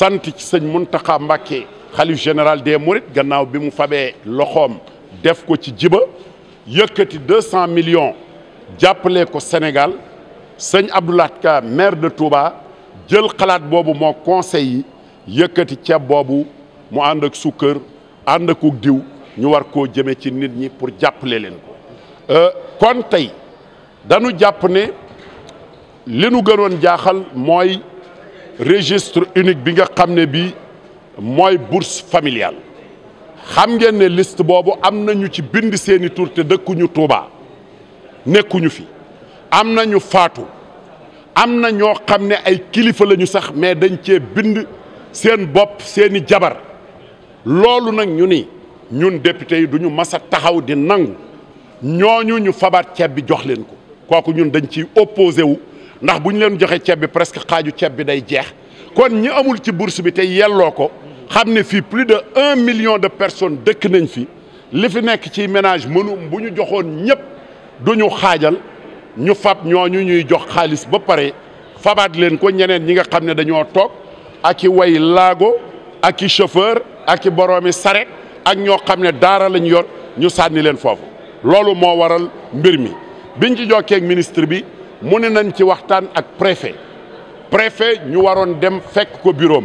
sant ci sëñ Muntaxa Mbàkke xalif général de Mourides gannaaw bi mu fabee loxoom def ko ci jiba yëkkati deux cent millions jàppale ko Sénégal sëñ Abdoulaye Ka maire de Touba jël xalaat boobu moo conseil yi yëkkati ceeb boobu mu ànd ak sukkër ànd ak diw ñu war koo jëme ci nit ñi pour jàppale leen ko euh, kon tey dañu jàpp ne li nu gënoon jaaxal mooy registre unique bi nga xam ne bii mooy bourse familiale xam ngeen ne list boobu am na ñu ci bind seeni tur te dëkkuñu Touba nekkuñu fi am na ñu faatu am na ñoo xam ne ay kilifa lañu sax mais dañ cee bind seen bopp seeni jabar loolu nag ñu ni ñun député yi du ñu mas a taxaw di nangu ñooñu ñu fabaat ceeb bi jox leen ko kooku ñun dañ ciy opposé wu. ndax bu ñu leen joxe ceeb bi presque xaaju ceeb bi day jeex kon ñi amul ci bourse bi te yelloo ko xam ne fii plus de un million de personnes dëkk nañ fi li fi nekk ci ménage mënu bu ñu joxoon ñëpp du ñu xaajal ñu fab ñooñu ñuy jox xaalis ba pare fabaat leen ko ñeneen ñi nga xam ne dañoo toog ak i way laago ak i chauffeur ak i boroomi sare ak ñoo xam ne daara lañ yor ñu sànni leen foofu loolu moo waral mbir mi biñ ci jokkee ak ministre bi mu ne nañ ci waxtaan ak préfet préfet ñu waroon dem fekk ko bureau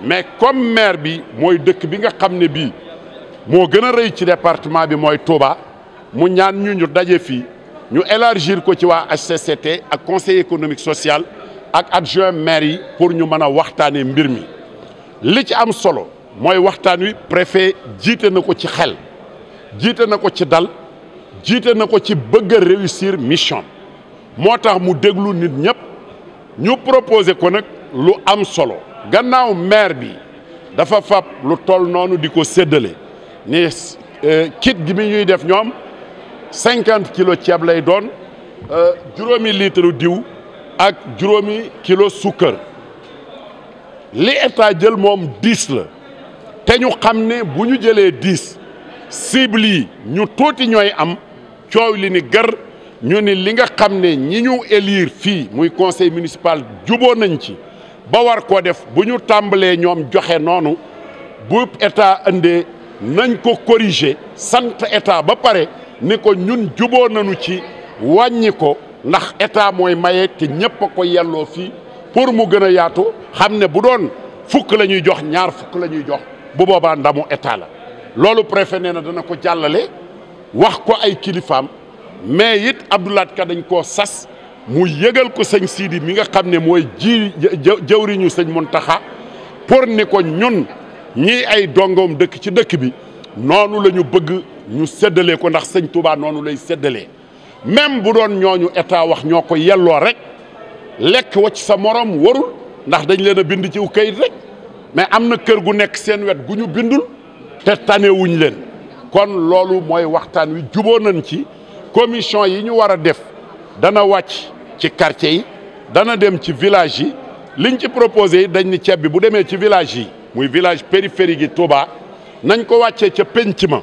mais comme maire bi mooy dëkk bi nga xam ne bii moo gën a rëy ci département bi mooy Touba mu ñaan ñu ñu daje fii ñu élargir ko ci waa HCCT ak conseil économique social ak adjoint maire yi pour ñu mën a waxtaanee mbir mi li ci am solo mooy waxtaan wi préfet jiite na ko ci xel jiite na ko ci dal jiite na ko ci bëgg a réussir mission moo tax mu déglu nit ñëpp ñu proposé ko nag lu am solo gannaaw maire bi dafa fab lu toll noonu di ko séddale ni euh, kit gi mi ñuy def ñoom cinquante kilos ceeb lay doon euh, juróomi litre diw ak juróomi kilo sukkër li état jël moom dix la te ñu xam ne bu ñu jëlee dix cible yi ñu tuuti ñooy am coow li ni gër ñu ni li nga xam ne ñi ñu élire fii muy conseil municipal juboo nañ ci ba war koo def bu ñu tàmbalee ñoom joxe noonu bu état indee nañ ko corriger sant état ba pare ni ko ñun juboo nañu ci wàññi ko ndax état mooy maye te ñëpp ko yelloo fii pour mu gën a yaatu xam ne bu doon fukk la ñuy jox ñaar fukk la ñuy jox bu boobaa ndamu état la loolu préfet nee na dana ko jàllale wax ko ay kilifaam. mais it Abdoulaat Ka dañ koo sas mu yëgal ko sëñ Sidi mi nga xam ne mooy ji jëwriñu sëñ mon Muntaxa pour ni ko ñun ñii ay dongoom dëkk ci dëkk bi noonu lañu bëgg ñu séddale ko ndax sëñ Touba noonu lay séddalee même bu doon ñooñu état wax ñoo ko yelloo rek lekk wacc sa morom warul ndax dañ leen a bind ci u kayit rek mais am na kër gu nekk seen wet gu ñu bindul te tanewuñ leen kon loolu mooy waxtaan wi juboo nañ ci commission yi ñu war a def dana wàcc ci quartier yi dana dem ci village yi liñ ci proposé yi dañ ni ceeb bi bu demee ci village yi muy village périphérique yi Touba nañ ko wàccee ca penc ma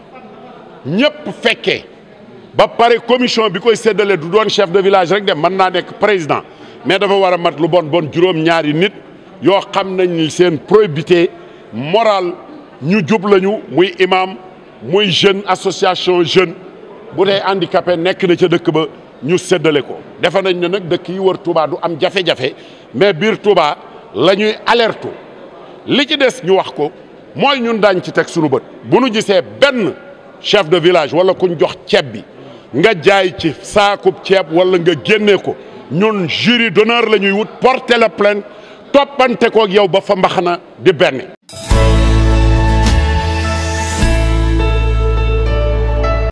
ñëpp fekkee ba pare commission bi koy seddalee du doon chef de village rek dem mën naa nekk président mais dafa war a mat lu bon bon juróom-ñaari nit yoo xam nañ ni seen probité morale ñu jub lañu muy imam muy jeune association jeune bu dee handicapé nekk na ca dëkk ba ñu séddale ko defe nañ ne nag dëkk yi wër Touba du am jafe-jafe mais biir Touba la ñuy alertu li ci des ñu wax ko mooy ñun daañ ci teg sunu bët bu nu gisee benn chef de village wala kuñ jox ceeb bi nga jaay ci saakub ceeb wala nga génnee ko ñun jury d'honneur la ñuy wut porter la plainte toppante koog yow ba fa mbaxana di benn